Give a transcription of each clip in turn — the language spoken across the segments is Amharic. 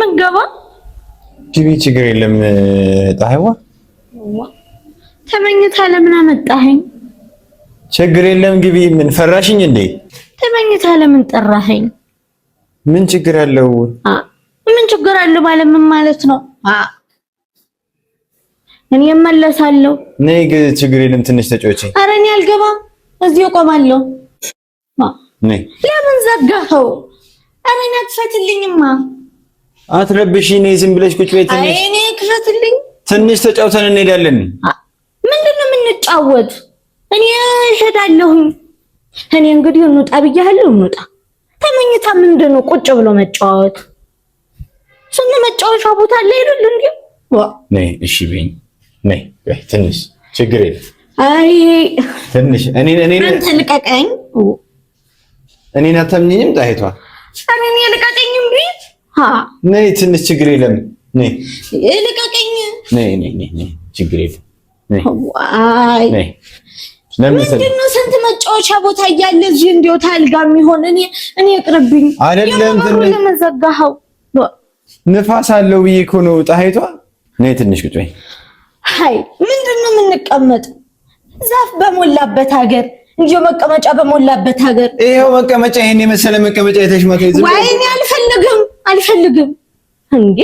ምንገባ ግቢ፣ ችግር የለም ፀሐይዋ። ተመኝታ ለምን አመጣኸኝ? ችግር የለም ግቢ። ምን ፈራሽኝ እንዴ? ተመኝታ ለምን ጠራኸኝ? ምን ችግር አለው? ምን ችግር አለው ማለት ምን ማለት ነው? እኔ እመለሳለሁ። ነይ፣ ችግር የለም ትንሽ ተጫወቺ። ኧረ እኔ አልገባም፣ እዚህ እቆማለሁ። ለምን ዘጋኸው? እኔን አትፈትልኝማ። አትረብሽ። እኔ ዝም ብለሽ ቁጭ በይ። ትንሽ እኔ ክፈትልኝ። ትንሽ ተጫውተን እንሄዳለን። ምንድን ነው የምንጫወት? እኔ እሄዳለሁኝ። እኔ እንግዲህ እንውጣ ብያለሁ። እንውጣ። ተመኝታ ምንድን ነው ቁጭ ብሎ መጫወት? ስንት መጫወቻ ቦታ አለ አይደል? እንዴ ነይ፣ እሺ በይኝ። ነይ ትንሽ ችግር የለም። አይ ትንሽ እኔ እኔ አንተ ልቀቀኝ። እኔን አታምኝም ጣይቷ እኔ ልቀቀኝ እምቢ ነይ ትንሽ ችግር የለም ነይ ልቀቀኝ ነይ ነይ ነይ ነይ፣ ችግር የለም ነይ አይ ምንድን ነው ስንት መጫወቻ ቦታ እያለ እዚህ እንዲያው ታልጋ የሚሆን እኔ እኔ ይቅርብኝ አይደለም ለምን ዘጋኸው ንፋስ አለው ብዬ እኮ ነው ፀሐይቷ ነይ ትንሽ ቁጭ በይ አይ ምንድነው ነው የምንቀመጥ ዛፍ በሞላበት ሀገር እንጂ መቀመጫ በሞላበት ሀገር ይሄው መቀመጫ ይሄን የመሰለ መቀመጫ የተሽመተ ይዘው ወይኔ፣ አልፈልግም አልፈልግም። እንዴ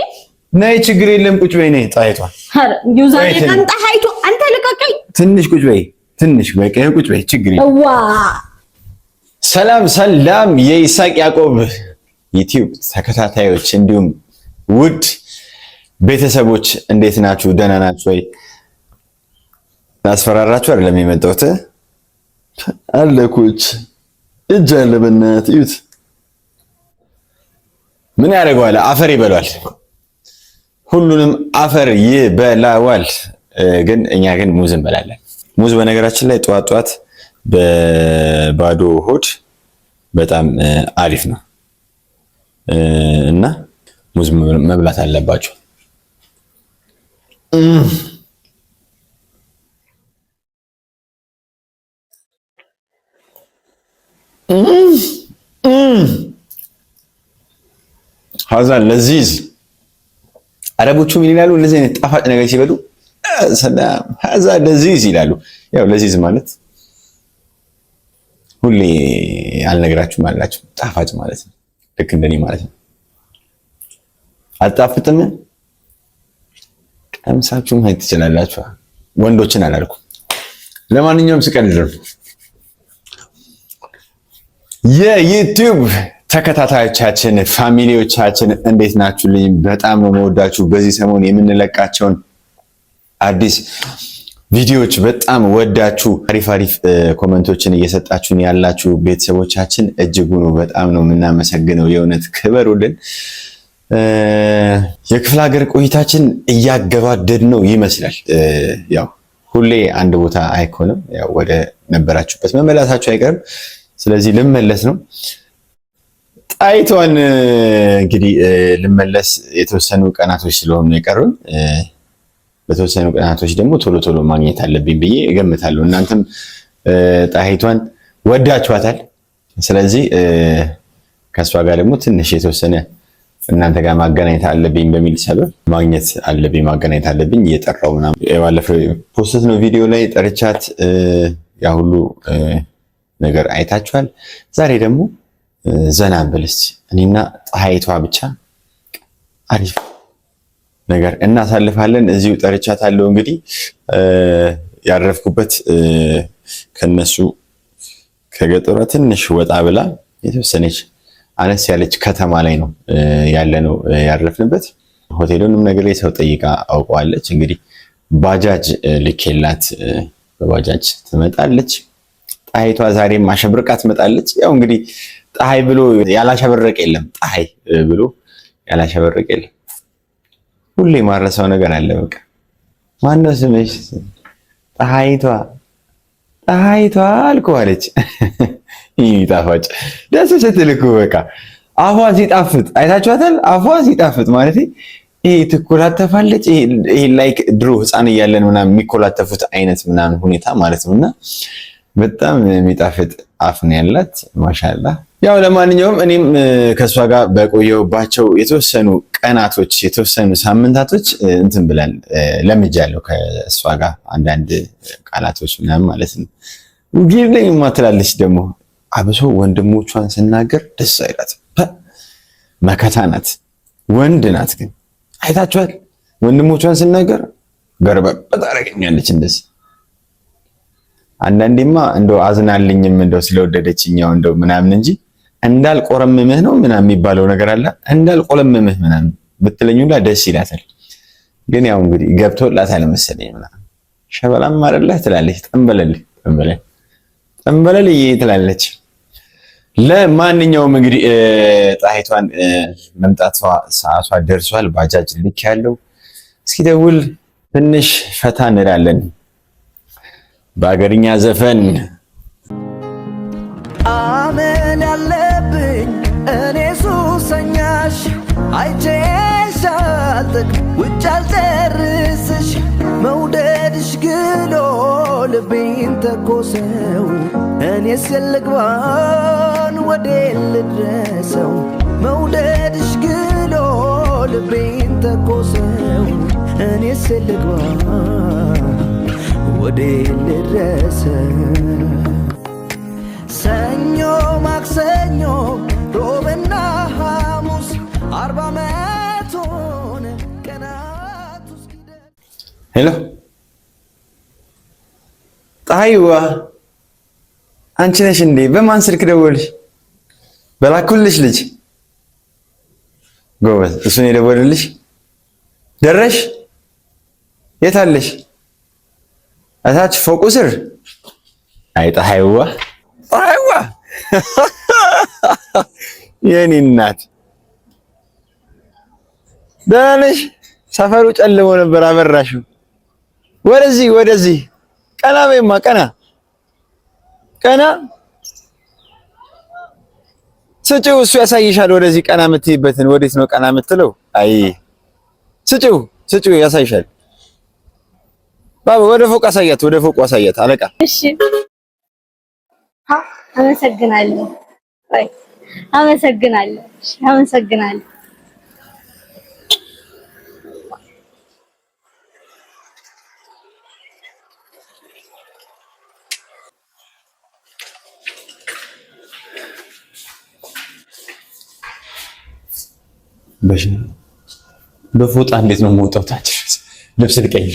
ነይ፣ ችግር የለም ቁጭ በይ። ነይ ጣይቷ አረ ዩዛኔ አንተ ሀይቶ አንተ ልቀቀኝ። ትንሽ ቁጭ በይ፣ ትንሽ በቃ ይሄ ቁጭ በይ፣ ችግር የለም። ዋ ሰላም ሰላም፣ የይሳቅ ያዕቆብ ዩቲዩብ ተከታታዮች እንዲሁም ውድ ቤተሰቦች እንዴት ናችሁ? ደህና ናችሁ ወይ? አስፈራራችሁ አይደለም የመጣሁት አለኩች እጅ አለ። በእናት እዩት። ምን ያደርገዋል? አፈር ይበላዋል። ሁሉንም አፈር ይበላዋል። ግን እኛ ግን ሙዝ እንበላለን። ሙዝ በነገራችን ላይ ጠዋት ጠዋት በባዶ ሆድ በጣም አሪፍ ነው እና ሙዝ መብላት አለባቸው። ሀዛን ለዚዝ አረቦቹ ምን ይላሉ? እንደዚህ አይነት ጣፋጭ ነገር ሲበሉ ሰላም ሀዛ ለዚዝ ይላሉ። ያው ለዚዝ ማለት ሁሌ አልነግራችሁም አላችሁ ጣፋጭ ማለት ነው። ልክ እንደኔ ማለት ነው። አጣፍጥም ቀምሳችሁ ማየት ትችላላችሁ። ወንዶችን አላልኩም። ለማንኛውም ስቀልድ የዩቲዩብ ተከታታዮቻችን ፋሚሊዎቻችን እንዴት ናችሁልኝ? በጣም ነው መወዳችሁ። በዚህ ሰሞን የምንለቃቸውን አዲስ ቪዲዮዎች በጣም ወዳችሁ አሪፍ አሪፍ ኮመንቶችን እየሰጣችሁን ያላችሁ ቤተሰቦቻችን ነው በጣም ነው የምናመሰግነው። የእውነት ክበሩልን። የክፍለ ሀገር ቆይታችን እያገባደድ ነው ይመስላል። ያው ሁሌ አንድ ቦታ አይኮንም፣ ያው ወደ ነበራችሁበት መመላሳችሁ አይቀርም ስለዚህ ልመለስ ነው። ጣይቷን እንግዲህ ልመለስ የተወሰኑ ቀናቶች ስለሆኑ የቀሩን በተወሰኑ ቀናቶች ደግሞ ቶሎ ቶሎ ማግኘት አለብኝ ብዬ እገምታለሁ። እናንተም ጣይቷን ወዳችኋታል። ስለዚህ ከእሷ ጋር ደግሞ ትንሽ የተወሰነ እናንተ ጋር ማገናኘት አለብኝ በሚል ሰበብ ማግኘት አለብኝ ማገናኘት አለብኝ እየጠራው ምናምን ባለፈው ፖስት ነው ቪዲዮ ላይ ጠርቻት ያ ሁሉ ነገር አይታችኋል። ዛሬ ደግሞ ዘና ብልስ እኔና ፀሐይቷ ብቻ አሪፍ ነገር እናሳልፋለን። እዚሁ ጠርቻታለሁ። እንግዲህ ያረፍኩበት ከነሱ ከገጠሯ ትንሽ ወጣ ብላ የተወሰነች አነስ ያለች ከተማ ላይ ነው ያለ ነው ያረፍንበት። ሆቴሉንም ነገር ሰው ጠይቃ አውቀዋለች። እንግዲህ ባጃጅ ልኬላት በባጃጅ ትመጣለች። ፀሐይቷ ዛሬም አሸብርቃ ትመጣለች። ያው እንግዲህ ፀሐይ ብሎ ያላሸበረቅ የለም። ፀሐይ ብሎ ያላሸበረቅ የለም። ሁሌ ማረሰው ነገር አለ። በቃ ማነው ስምሽ? ፀሐይቷ ፀሐይቷ አልከዋለች። ይህ ጣፋጭ ደስ ስትል እኮ በቃ አፏ ሲጣፍጥ አይታችኋታል። አፏ ሲጣፍጥ ማለት ይሄ ትኮላተፋለች። ይሄ ላይክ ድሮ ህፃን እያለን ምናምን የሚኮላተፉት አይነት ምናምን ሁኔታ ማለት ነው እና በጣም የሚጣፍጥ አፍ ነው ያላት። ማሻላ ያው ለማንኛውም እኔም ከእሷ ጋር በቆየውባቸው የተወሰኑ ቀናቶች የተወሰኑ ሳምንታቶች እንትን ብለን ለምጃለሁ ከእሷ ጋር አንዳንድ ቃላቶች ምናምን ማለት ነው። ጊር ላይ ማትላለች ደግሞ አብሶ ወንድሞቿን ስናገር ደስ አይላት፣ መከታ ናት፣ ወንድ ናት። ግን አይታችኋል፣ ወንድሞቿን ስናገር ገርበ በጣረገኛለች እንደዚህ አንዳንዴማ እንደው አዝናልኝም እንደው ስለወደደችኛው እንደው ምናምን እንጂ እንዳልቆረምምህ ነው ምናምን የሚባለው ነገር አለ። እንዳል ምናምን ብትለኝ ሁላ ደስ ይላታል። ግን ያው እንግዲህ ገብቶላታል መሰለኝ ምናምን ሸበላም አይደለህ ትላለች። ጠንበለል ጠንበለል ጠንበለል ትላለች። ለማንኛውም እንግዲህ ጣይቷን መምጣቷ ሰዓቷ ደርሷል። ባጃጅ ልክ ያለው እስኪ ደውል ትንሽ ፈታ እንላለን። በአገርኛ ዘፈን አመል ያለብኝ እኔ ሱሰኛሽ አይቼሽ ውጭ አልጨርስሽ መውደድሽ ግሎ ልቤን ተኮሰው እኔ ስልግባን ወዴ ልድረሰው መውደድሽ ግሎ ልቤን ተኮሰው እኔ ስልግባን ወዴ ልድረስ ሰኞ ማክሰኞ ሮብና ሐሙስ አርባ መቶን ቀናቱ ሄሎ ፀሐይዋ አንቺ ነሽ እንዴ? በማን ስልክ ደወልሽ? በላኩልሽ ልጅ ጎበዝ፣ እሱን የደወልልሽ ደረሽ? የታለሽ? እታች ፎቁ ስር አይጣ ሃይዋ ሃይዋ የኔ እናት ደህና ነሽ? ሰፈሩ ጨልሞ ነበር አበራሽው። ወደዚህ ወደዚህ ቀና በይማ ቀና ቀና ስጭው፣ እሱ ያሳይሻል። ወደዚህ ቀና የምትይበትን ወዴት ነው ቀና የምትለው? አይ ስጭው ስጪው ያሳይሻል። ባባ ወደ ፎቅ አሳያት፣ ወደ ፎቅ አሳያት አለቃ። እሺ አመሰግናለሁ፣ አመሰግናለሁ፣ አመሰግናለሁ። በፎጣ እንዴት ነው መውጣታችን? ልብስ ልቀይር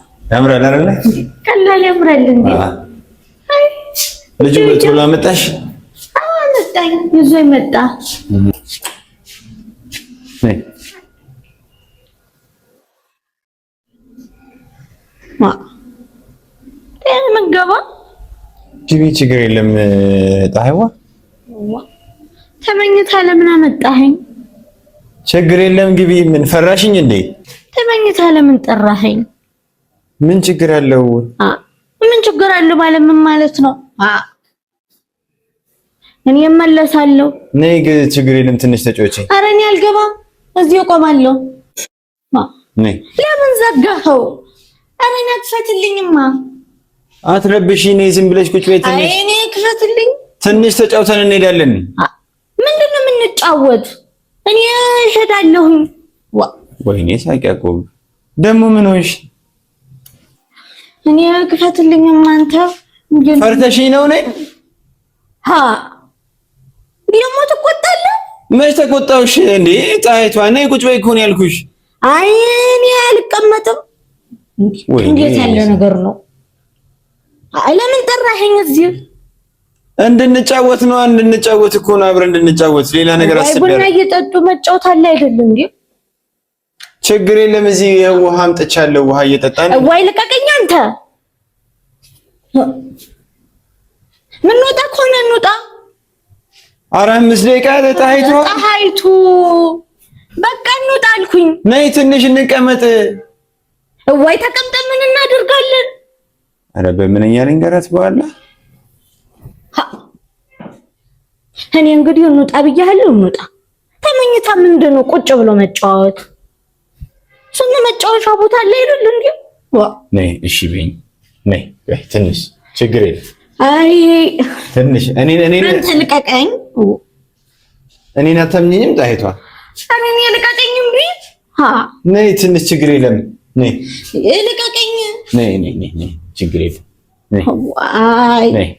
ያምራል አይደል? ቀላል ያምራል እንዴ! አይ ልጅ ብሎ አመጣሽ? አዎ አመጣኝ፣ ይዞ ይመጣ ማ ምንገባ ግቢ፣ ችግር የለም ጣህዋ ተመኝታ ለምን አመጣኸኝ? ችግር የለም ግቢ። ምን ፈራሽኝ እንዴ? ተመኝታ ለምን ጠራኸኝ? ምን ችግር አለው? ምን ችግር አለው ማለት ምን ማለት ነው? እኔ እመለሳለሁ። ነይ ችግር የለም ትንሽ ተጫወቺ። ኧረ እኔ አልገባም፣ እዚህ እቆማለሁ። ለምን ዘጋኸው? ኧረ እኔ አትፈትልኝማ። አትረብሺ። ነይ ዝም ብለሽ ቁጭ በይ። ትንሽ እኔ ክፈትልኝ። ትንሽ ተጫውተን እንሄዳለን። ምንድን ነው የምንጫወት? እኔ እሸዳለሁኝ። ወይኔ ሳቂያ ቆብ ደግሞ ምን ሆንሽ? እኔ ክፈትልኝ። ማንተ ፈርተሽ ነው ነኝ? ሀ ደግሞ ትቆጣለህ? መች ተቆጣሁሽ እንዴ? ፀሐይቷ ነይ ቁጭ በይ እኮ ነው ያልኩሽ። አይ እኔ አልቀመጥም። እንዴት ያለ ነገር ነው? ለምን ጠራኸኝ እዚህ? እንድንጫወት ነው እንድንጫወት እኮ ነው አብረን እንድንጫወት። ሌላ ነገር አስቤያለሁ። ቡና እየጠጡ መጫወት አለ አይደል እንዴ? ችግር የለም። እዚህ ውሃ አምጥቻለሁ። ውሃ እየጠጣን ወይ ልቀቀኝ አንተ። ምን እንውጣ ከሆነ እንውጣ። አረ አምስት ደቂቃ ለጣይቱ ታይቱ በቃ እንውጣ አልኩኝ። ነይ ትንሽ እንቀመጥ። ወይ ተቀምጠ ምን እናደርጋለን? አረ በምንኛ ልንገራት በኋላ እኔ እንግዲህ እንውጣ ብያለሁ። እንውጣ ተመኝታ ምንድነው ቁጭ ብሎ መጫወት ስንት መጫወሻ ቦታ አለ አይደል? እንዴ ዋ ነይ፣ እሺ በይኝ፣ ነይ በይ፣ ትንሽ ችግር የለም። አይ ትንሽ እኔ እኔ አንተ ልቀቀኝ። እኔን አታምኚኝም ጣይቷ። አረ እኔ ልቀቀኝም ቢት ሀ ነይ፣ ትንሽ ችግር የለም። ነይ ልቀቀኝ። ነይ ነይ ነይ፣ ችግር የለም። ነይ አይ ነይ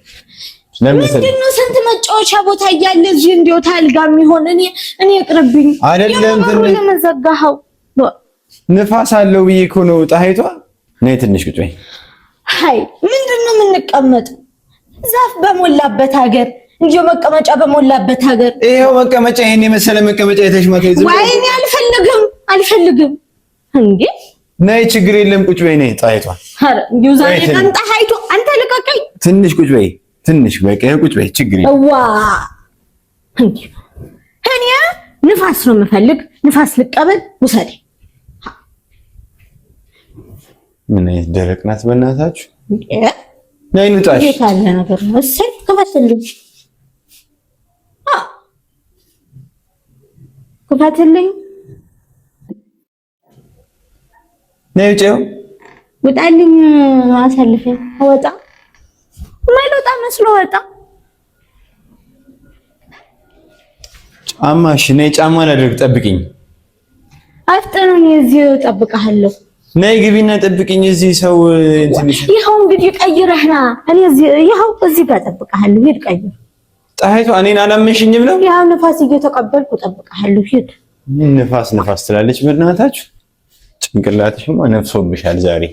ምንድን ነው ስንት መጫወቻ ቦታ እያለ እዚህ እንዲያው ታልጋ የሚሆን እኔ እኔ ይቅርብኝ። አይደለም ለምን ዘጋኸው? ንፋስ አለው ብዬ እኮ ነው። ፀሐይቷ ነይ ትንሽ ቁጭ በይ። አይ ምንድን ነው የምንቀመጠው? ዛፍ በሞላበት ሀገር እንጂ መቀመጫ በሞላበት ሀገር ይሄው መቀመጫ፣ ይሄን የመሰለ መቀመጫ የተሽመተ ይዘው። ወይኔ አልፈልግም፣ አልፈልግም። እንዴ ነይ፣ ችግር የለም ቁጭ በይ። ነይ ፀሐይቷ። አረ እንዲሁ ዛሬ አንተ ፀሐይቷ፣ አንተ ልቀቀኝ። ትንሽ ቁጭ በይ፣ ትንሽ በቃ ቁጭ በይ። ችግር የለም ዋ እንዴ እኔ ንፋስ ነው የምፈልግ፣ ንፋስ ልቀበል፣ ውሰደኝ ምን አይነት ደረቅ ናት! በእናታችሁ ናይ ንጣሽ ካለ ነገር ነው። እሰይ ውጣልኝ፣ አሳልፈ ወጣ ማይልወጣ መስሎ ወጣ። ጫማ እሺ፣ ናይ ጫማ ላድርግ፣ ጠብቅኝ፣ አፍጥኑን፣ እዚሁ ጠብቅሃለሁ። ናይ ግቢና ጠብቅኝ። እዚህ ሰው ይኸው እንግዲህ ቀይረህና እኔ እዚህ ይኸው እዚህ ጋር ጠብቀሃለሁ። ሂድ ቀይር። ፀሐይቷ እኔን አላመንሽኝም ነው? ያው ንፋስ እየተቀበልኩ ጠብቀሃለሁ። ሂድ። ንፋስ ንፋስ ትላለች። በእናታችሁ ጭንቅላትሽማ ነፍሶብሻል ዛሬ።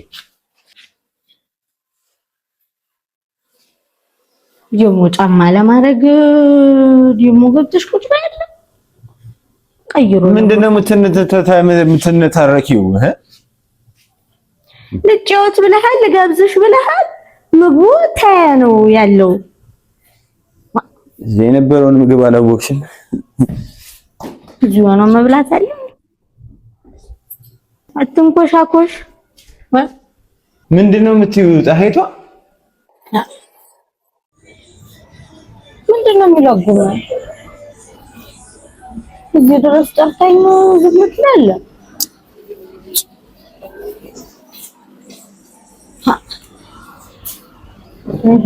ደግሞ ጫማ ለማድረግ ደግሞ ገብተሽ ቁጭ በያለ ቀይሩ። ምንድን ነው ልጫወት ብለሃል፣ ልጋብዝሽ ብለሃል። ምግቡ ታያ ነው ያለው። እዚህ የነበረውን ምግብ አላወቅሽም። እዚህ ሆኖ መብላት አለ። አትንኮሻኮሽ። ምንድነው የምትይው? ፀሐይቷ ምንድነው የሚለው? እዚህ ድረስ ጠርታኝ ዝም ትላለህ ግን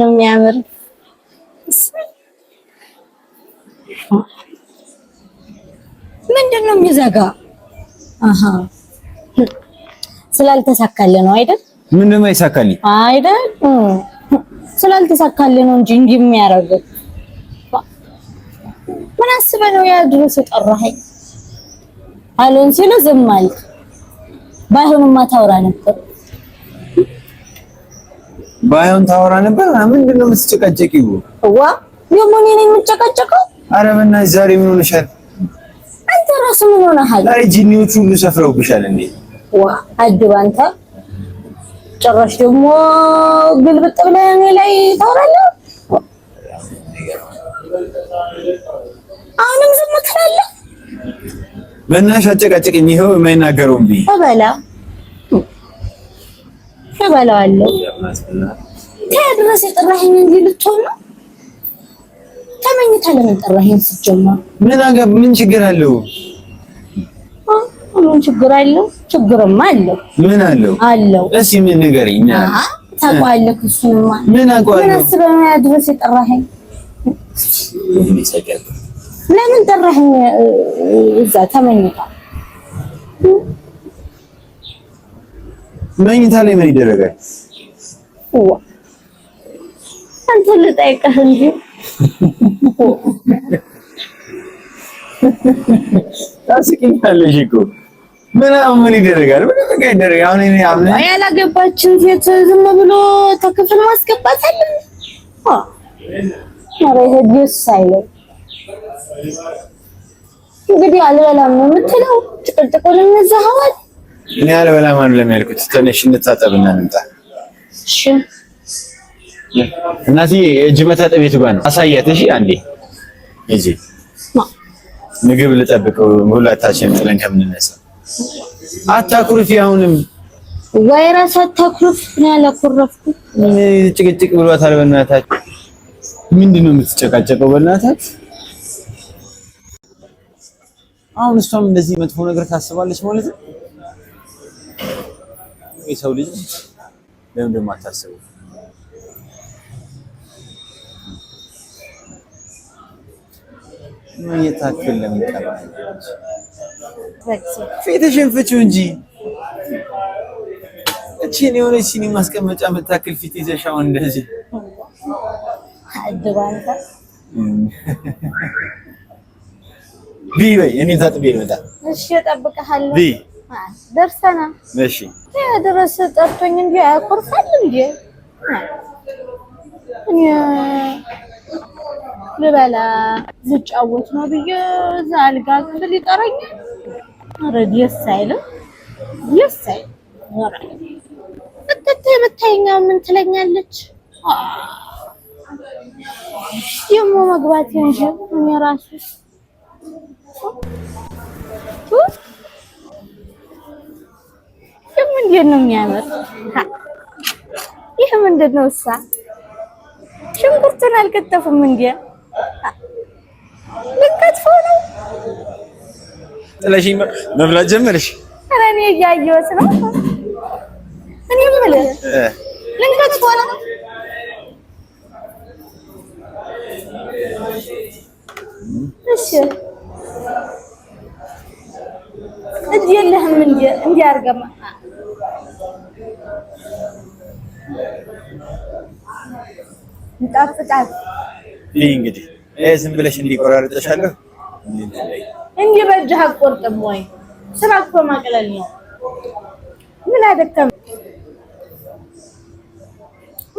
ነው የሚያምር። ምንድን ነው የሚዘጋ? አሃ ስላልተሳካልህ ነው አይደል? ምንድን ነው ይሳካልኝ አይደል? ስላልተሳካልህ ነው እንጂ እንዲህ የሚያደርገው ምን አስበህ ነው? ያ ድሮስ የጠራኸኝ አሉን ሲሉ ዝም አልክ። ባይሆንማ ታወራ ነበር። ባይሆን ታወራ ነበር። ምንድን ነው የምትጨቀጨቂው? ዋ ደግሞ እኔ ነኝ የምጨቀጨቀው? ኧረ በእናትሽ ዛሬ ምን ሆነሻል? አንተ ራሱ ምን ሆነሃል? ዛሬ ጂኒዎች ሁሉ ሰፍረውብሻል እንዴ? ዋ አድብ አንተ ጭራሽ ደግሞ ግልብጥ ብለህ እኔ ላይ ታወራለህ። አሁንም ዝም ትላለህ? በእናትሽ አጨቃጨቅኝ። ይኸው የማይናገረው እምቢ እበላ እበላዋለሁ። ከድረስ የጠራኸኝ እንዲህ ልትሆን ነው? ተመኝታ ለምን ጠራኸኝ? ስትጀምር ምን አገብ ምን ችግር አለው? ምን ችግር አለው? ችግርማ አለው። ምን አለው? አለው። እስኪ ምን ንገሪኝ። ታውቀዋለህ? እሱንማ ምን አውቀዋለሁ። ምን አስበህ ድረስ የጠራኸኝ ለምን ጠራኸኝ? እዛ ተመኝታ መኝታ ላይ ምን ይደረጋል? አንተ ልጠይቅህ እንጂ ታስቂኛለሽ እኮ ምን ይደረጋል? ምን ይደረጋል? አሁን እኔ አምነህ ያላገባችን ሴት ዝም ብሎ ተክፍል ማስገባት አለ? ኧረ ይሄ ደስ አይለኝ እንግዲህ አልበላም ነው የምትለው? ጭቅጭቁን እንዘኸዋል። እኔ አልበላም አይደለም ያልኩት። ትንሽ እንታጠብና እንምጣ። እሺ እናትዬ፣ እጅ መታጠብ የቱ ጋር ነው? አሳያት። እሺ አንዴ እጂ ምግብ ልጠብቀው ሁላታችን ጥለን ከምንነሳ አታኩርፊ። አሁንም ወይ ራስ አታኩርፍ። እኔ አላኮረፍኩም። ጭቅጭቅ ብሏታል። በእናታችሁ ምንድን ነው የምትጨቃጨቀው? በእናታችሁ አሁን እሷም እንደዚህ መጥፎ ነገር ታስባለች ማለት ነው። የሰው ልጅ ለምን ደግሞ አታስበው? ምን የታክል ለምን ቀባል? ፊትሽን ፍቺው እንጂ እቺን የሆነች ሲኒ ማስቀመጫ የምታክል ፊት ይዘሽ አሁን እንደዚህ በይ እኔ እዛ ይመጣል። እሺ እጠብቅሃለሁ። በይ ደርሰናል። እሺ ድረስ ጠርቶኝ እንዲ ያኮርፋል እንዲ ልበላ ልጫወት ነው ብዬ እዛ አልጋ ዝም ብል ይጠራኝ። ኧረ ደስ አይልም፣ ደስ አይልም። እትት የምታየኛ ምን ትለኛለች? ደግሞ መግባት እንጂ እኔ እራሱ ይህ ምንድን ነው የሚያምር? ይህ ምንድን ነው እሳ? ሽንኩርቱን አልከተፉም እንዴ? ልከትፎ ነው ጥለሽኝ መብላት ጀመርሽ? ኧረ እኔ እያየሁት ነው። እኔ የምልህ ልንከትፎ ነው እሺ ቆንጆ አድርገማ ይጣፍጣል። ይህ እንግዲህ ይህ ዝም ብለሽ እንዲቆራርጠሻለሁ። እንዲህ በእጅህ አትቆርጥም ወይ? ስራ እኮ ማቅለል ነው። ምን አደከመ?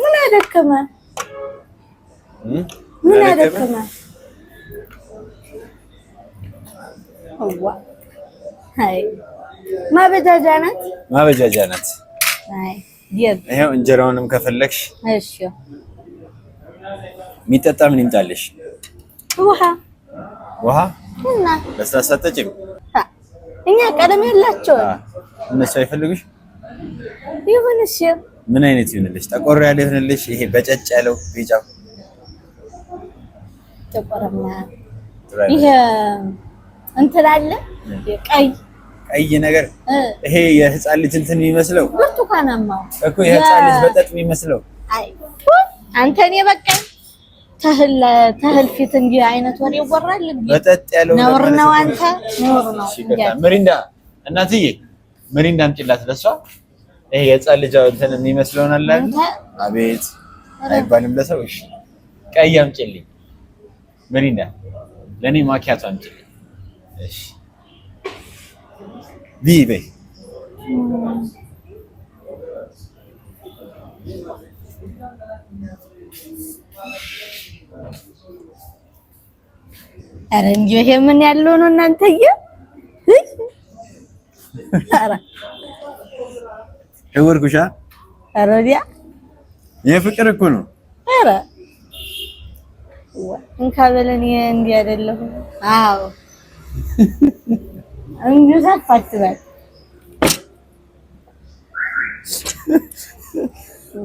ምን አደከመ? ምን አደከመ? አይ ማበጃጃ ናት። ማበጃጃ ናት። ይኸው እንጀራውንም ከፈለግሽ የሚጠጣ ምን ይምጣልሽ? ውሃ ውሃ እና ለስላሳ ጠጪም። እኛ ቀለም ያላቸው እነሱ አይፈልጉሽ ይሁን። እሺ ምን አይነት ይሁንልሽ? ጠቆር ያለ ይሁንልሽ? ይሄ በጨጭ ያለው ቢጫው ጥቁርና ይሄ እንትን አለ ቀይ ቀይ ነገር ይሄ የህፃን ልጅ እንትን የሚመስለው ብርቱካናማው እኮ የህፃን ልጅ መጠጥ የሚመስለው አንተ እኔ በቃ ተህል ተህል ፊት እንጂ አይነት ወሬ ይወራል ያለው ነውር ነው። አንተ ነውር ነው። ምሪንዳ እናትዬ ምሪንዳ አምጪላት ይሄ የህፃን ልጅ እንትን የሚመስለውን አለ አቤት አይባልም ለሰው። እሺ ቀይ አምጪልኝ ምሪንዳ፣ ለኔ ማኪያቶ አምጪልኝ። እሺ vive. ኧረ እንጂ ይሄ ምን ያለው ነው እናንተዬ? እወርኩሻ ኧረ ወዲያ የፍቅር እኮ ነው። ኧረ እንካ በለን እንዲህ አይደለሁም። አዎ እንግዛት አትበል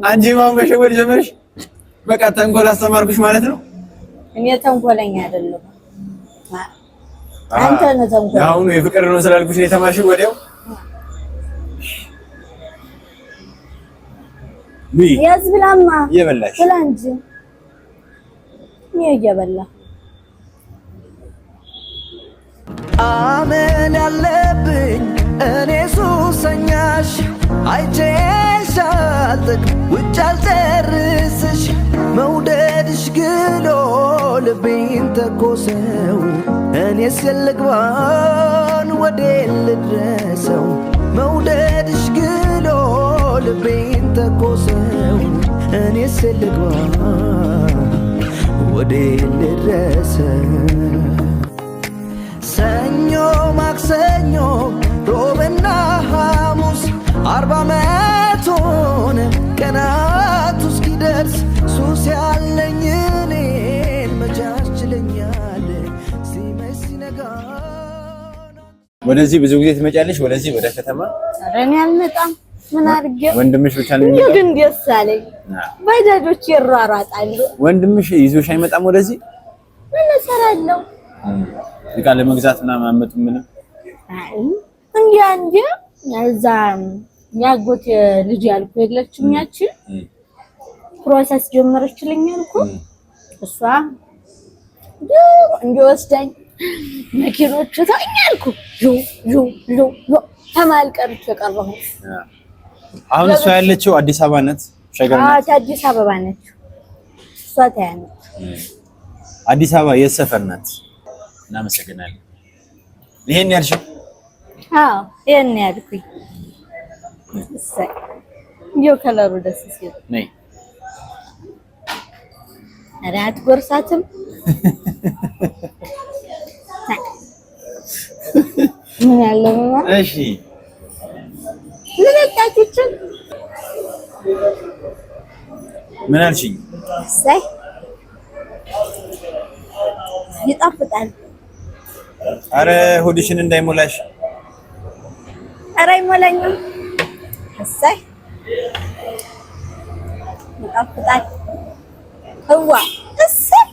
አንቺ ማን መሸወድ ጀመርሽ? በቃ ተንኮል አስተማርኩሽ ማለት ነው። እኔ ተንኮለኛ አይደለሁም። አንተ ነህ ተንኮል። አሁን የፍቅር ነው ስላልኩሽ የተማርሽ ወዲያው ያዝ ብላማ እየበላሽ ብላ እንጂ እኔ እየበላሁ አመል ያለብኝ እኔ ሱሰኛሽ አይቼሽ አልጥቅ ውጭ አልጨርስሽ መውደድሽ ግሎ ልቤን ተኮሰው እኔስ የልግባን ወዴ ልድረሰው መውደድሽ ግሎ ልቤን ተኮሰው እኔስ የልግባን ወዴ ልድረሰው ሰኞ፣ ማክሰኞ፣ ሮብና ሐሙስ አርባ መቶን ቀናቱ እስኪደርስ ሱስ ያለኝ እኔን መቻችለኛል ሲመሽ ሲነጋ ወደዚህ ብዙ ጊዜ ትመጫለሽ? ወደዚህ ወደ ከተማ እኔ አልመጣም። ምን አድርጌ ወንድምሽ ብቻ ነው የሚመጣው። ግን ደስ አለኝ። ባጃጆች ይሯሯጣሉ። ወንድምሽ ይዞሽ አይመጣም ወደዚህ? ምን እሰራለሁ እቃ ለመግዛት ምናምን አትመጡም? ምንም እንዲያ እንጂ እዛ ያጎት ልጅ ያልኩ የለችም ያችን ፕሮሰስ ጀመረችልኝ አልኩ። እሷ እንዲወስደኝ መኪኖቹ ተውኝ አልኩ። ተማልቀርች የቀረሁ አሁን እሷ ያለችው አዲስ አበባ ነት አዲስ አበባ ነች እሷ። ታያነች አዲስ አበባ የሰፈር ናት እናመሰግናለን። ይሄን ያልሽው? አዎ ይሄን ያልኩኝ። እሰይ ይኸው ከለሩ ደስ ሲል ነይ። ኧረ አትጎርሳትም? ምን ያለው ነው? እሺ ልለቃችሁችን ምን አልሽኝ? እሰይ ይጣፍጣል። አረ ሆድሽን እንዳይሞላሽ። አረ አይሞላኝም። እሰይ ይጣፍጣል። ህዋ እሰይ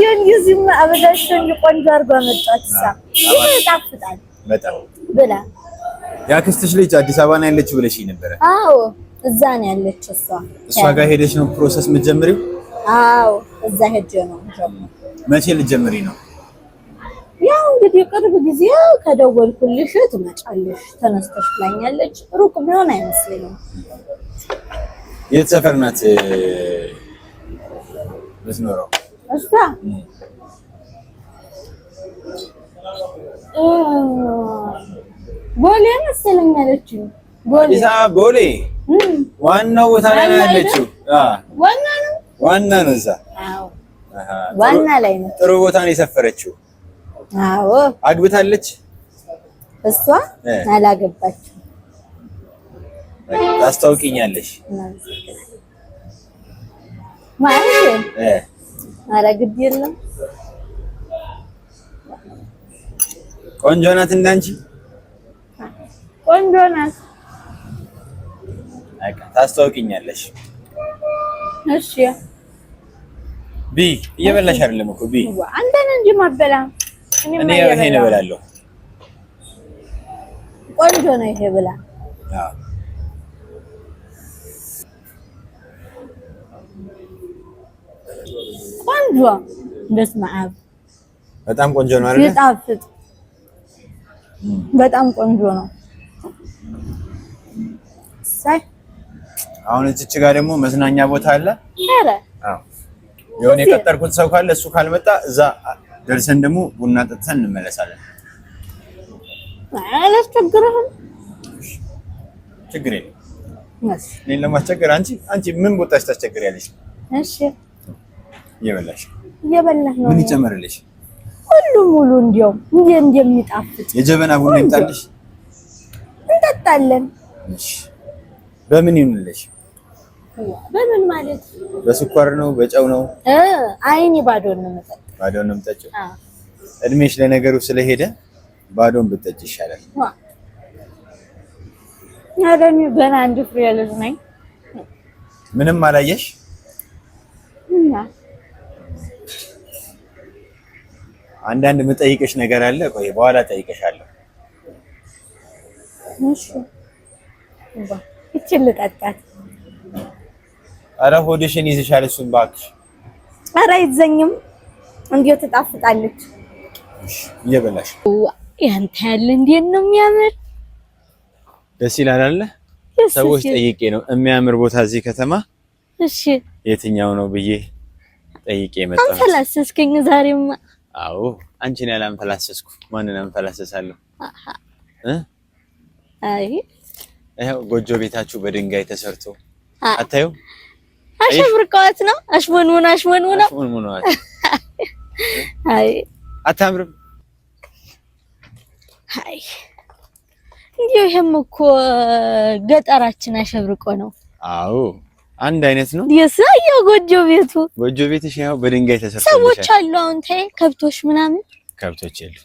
ይሄን ጊዜማ አበዳሽን ቆንጆ አድርጎ አመጣት። እሷ ይጣፍጣል በጣም ብላ ያክስትሽ ልጅ አዲስ አበባ ነው ያለች ብለሽኝ ነበረ። አዎ እዛ ነው ያለች። እሷ እሷ ጋር ሄደሽ ነው ፕሮሰስ የምትጀምሪው? አዎ እዛ ሄጄ ነው። መቼ ልትጀምሪ ነው? ያው እንግዲህ ቅርብ ጊዜ ከደወልኩልሽ ትመጫለሽ ተነስተሽ ትላኛለች። ሩቅ ቢሆን አይመስለኝም። የት ሰፈር ናት የምትኖረው? እሷ ቦሌ መሰለኝ ቦሌ ቦሌ ዋናው ቦታ ላይ ያለችው ዋና ነው። ዋና ነው። እዛ ዋና ላይ ነው። ጥሩ ቦታ ነው የሰፈረችው። አዎ አግብታለች። እሷ አላገባችም። ታስታውቂኛለሽ። ማለት ኧረ ግድ የለም ቆንጆ ናት። እንዳንቺ ቆንጆ ናት። በቃ ታስታውቂኛለሽ። እሺ ቢ እየበላሽ አይደለም እኮ ቢ አንተን እንጂ ማበላ እኔ ይሄን እበላለሁ። ቆንጆ ነው ይሄ ብላ ቆንጆ በስመ አብ በጣም ቆንጆ ነው አይደል? ይጣፍጥ። በጣም ቆንጆ ነው። ሳይ አሁን እዚች ጋር ደግሞ መዝናኛ ቦታ አለ። አረ አዎ፣ የሆነ የቀጠርኩት ሰው ካለ እሱ ካልመጣ እዛ ደርሰን ደግሞ ቡና ጠጥተን እንመለሳለን። አላስቸግርህም። ችግር የለም። እኔን ለማስቸገር አንቺ አንቺ ምን ቦታሽ ያለሽ? እሺ፣ እየበላሽ እየበላሽ ነው። ምን ይጨመርልሽ? ሁሉ ሙሉ እንዲያው እንዴ እንደሚጣፍጥ የጀበና ቡና ይምጣልሽ፣ እንጠጣለን። እሺ፣ በምን ይሁንልሽ? በምን ማለት በስኳር ነው በጨው ነው? አይኔ ባዶ ነው መጠጥ ባዶን ነው የምጠጪው። እድሜሽ ለነገሩ ስለሄደ ባዶን ብጠጪ ይሻላል። አረኒ ገና አንድ ፍሬ ልጅ ነኝ። ምንም አላየሽ እና አንዳንድ የምጠይቅሽ ነገር አለ። ቆይ በኋላ ጠይቅሻለሁ። እሺ እንባ እቺን ልጠጣት። አረ ሆድሽን ይዝሻል። እሱን እባክሽ። አረ አይዘኝም። እንዲሁ ትጣፍጣለች። እየበላሽ ያንተ ያለ እንዴት ነው የሚያምር ደስ ይላል አለ ሰዎች ጠይቄ ነው የሚያምር ቦታ እዚህ ከተማ እሺ የትኛው ነው ብዬ ጠይቄ መጣሁ። አንፈላሰስከኝ ዛሬማ። አዎ አንቺን ያላንፈላሰስኩ ማንን አንፈላሰሳለሁ? አይ ይኸው ጎጆ ቤታችሁ በድንጋይ ተሰርቶ አታዩ? አሸብርቀዋት ነው አሽሞንሙን አሽሞንሙን ነው አይ አታምርም። አይ እንዲሁ ይሄም እኮ ገጠራችን አሸብርቆ ነው። አዎ አንድ አይነት ነው። የሳየው ጎጆ ቤቱ ጎጆ ቤትሽ ያው በድንጋይ ተሰርቶ ሰዎች አሉ። አሁን ተይ ከብቶች ምናምን ከብቶች የሉ።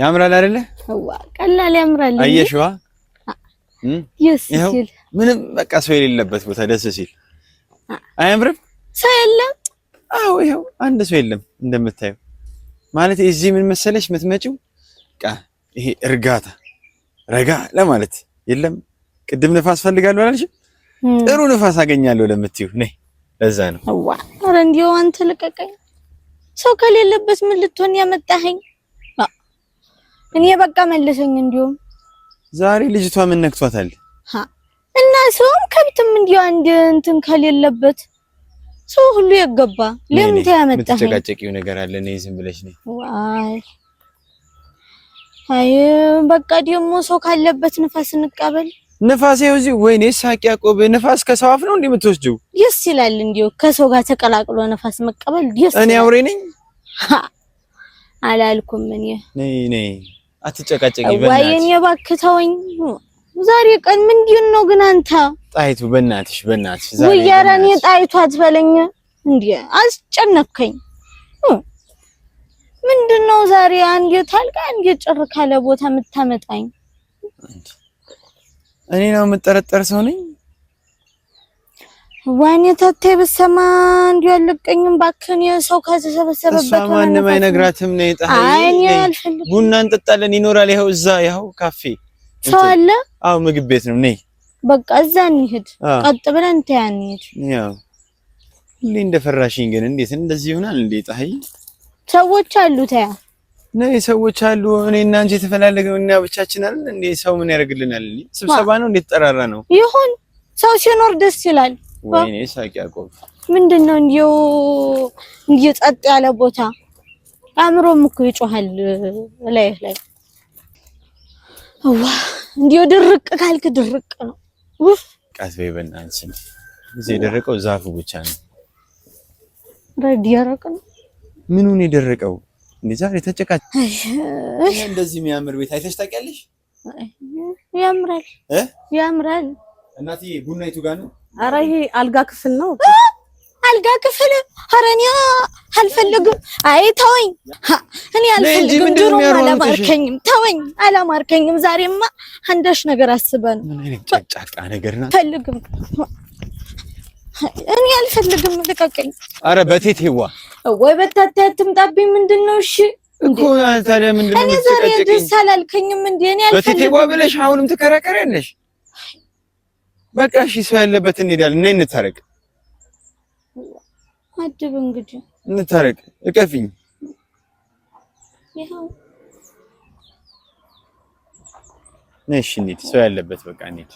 ያምራል አይደለ? ዋ ቀላል ያምራል። አየሽዋ ምንም በቃ ሰው የሌለበት ቦታ ደስ ሲል አያምርም? ሰው የለም አዎ ይኸው አንድ ሰው የለም እንደምታየው። ማለት እዚህ ምን መሰለሽ የምትመጪው ቃ ይሄ እርጋታ ረጋ ለማለት የለም። ቅድም ንፋስ ፈልጋለሁ አላልሽም? ጥሩ ንፋስ አገኛለሁ ለምትዩ ነይ። ለዛ ነው አዋ። ኧረ እንዲያው አንተ ልቀቀኝ። ሰው ከሌለበት ምን ልትሆን ያመጣኸኝ? እኔ በቃ መለሰኝ። እንዲሁም ዛሬ ልጅቷ ምን ነክቷታል? እና ሰውም ከብትም እንዲያው አንድ እንትን ከሌለበት ሰው ሁሉ ያገባ ለምን ታመጣ? የምትጨቃጨቂው ነገር አለ። እኔ ዝም ብለሽ ነው። አይ በቃ ደግሞ ሰው ካለበት ንፋስ እንቀበል። ንፋስ ይኸው እዚህ። ወይኔ ሳቅ ያቆብ። ንፋስ ከሰው አፍ ነው እንዴ የምትወስጂው? ደስ ይላል። እንዴ ከሰው ጋር ተቀላቅሎ ንፋስ መቀበል ደስ። እኔ አውሬ ነኝ አላልኩም። እኔ ነይ ነይ፣ አትጨቃጨቂ። ወይኔ እባክህ ተወኝ። ዛሬ ቀን ምንድን ነው ግን አንተ? ጣይቱ በእናትሽ በእናትሽ ዛሬ ወይ እኔ ጣይቱ አትበለኝ እንዴ! አስጨነከኝ። ምንድን ነው ዛሬ አንዴ ታልቃ አንዴ ጭር ካለ ቦታ የምታመጣኝ? እኔ ነው የምጠረጠር ሰው ነኝ? ዋኔ ተታይ በሰማ እንዲ ያለቀኝም ባከን ሰው ከተሰበሰበበት ነው። ማንም አይነግራትም ነይ ጣይ ቡና እንጠጣለን ይኖራል። ይኸው እዛ ይኸው ካፌ ሰው አለ። አዎ ምግብ ቤት ነው። ነይ በቃ እዛ እንሂድ። ቀጥ ብለን ተያን እንሂድ። ያው እንደፈራሽኝ ግን እንዴት እንደዚህ ይሆናል እንዴ? ፀሐይ ሰዎች አሉ። ተያ ነይ ሰዎች አሉ። እኔ እና አንቺ እና ብቻችን አይደል እንዴ? ሰው ምን ያደርግልናል? ስብሰባ ነው እንዴት ተጠራራ ነው ይሁን። ሰው ሲኖር ደስ ይላል። ወይኔ ሳቂ ያቆብ ምንድን ነው ጸጥ ያለ ቦታ አእምሮም እኮ ይጮሃል ላይ ላይ ዋ እንዲሁ ድርቅ ካልክ ድርቅ ነው። ውፍ ቀስ በእናንቺን እዚህ የደረቀው ዛፉ ብቻ ነው። ረድ ያረቅ ነው። ምኑን የደረቀው እንዴ? ዛሬ እንደዚህ የሚያምር ቤት አይተሽ ታውቂያለሽ? ያምራል፣ ያምራል። እናትዬ ቡና የቱ ጋር ነው? ኧረ ይሄ አልጋ ክፍል ነው። አልጋ ክፍል ኧረ አልፈልግም። አይ ተወኝ፣ እኔ አልፈልግም። ድሮም አላማርከኝም። ተወኝ፣ አላማርከኝም። ዛሬማ አንዳች ነገር አስበን ጫጫቃ ፈልግም። እኔ አልፈልግም፣ ልቀቀኝ። ኧረ በቴቴዋ ወይ በታታያ ትምጣብኝ። ምንድን ነው እሺ? እኮ ታዲያ ምንድን ነው? እኔ ዛሬ ደስ አላልከኝም እንዴ? እኔ አልፈልግም። በቴቴዋ ብለሽ አሁንም ትከራከሪያለሽ። በቃ እሺ፣ ሰው ያለበት እንሄዳለን። ነይ እንታረቅ አድብ እንግዲህ እንታረቅ። እቀፊኝ። ይኸው ነሽ። እንሂድ፣ ሰው ያለበት በቃ እንሂድ።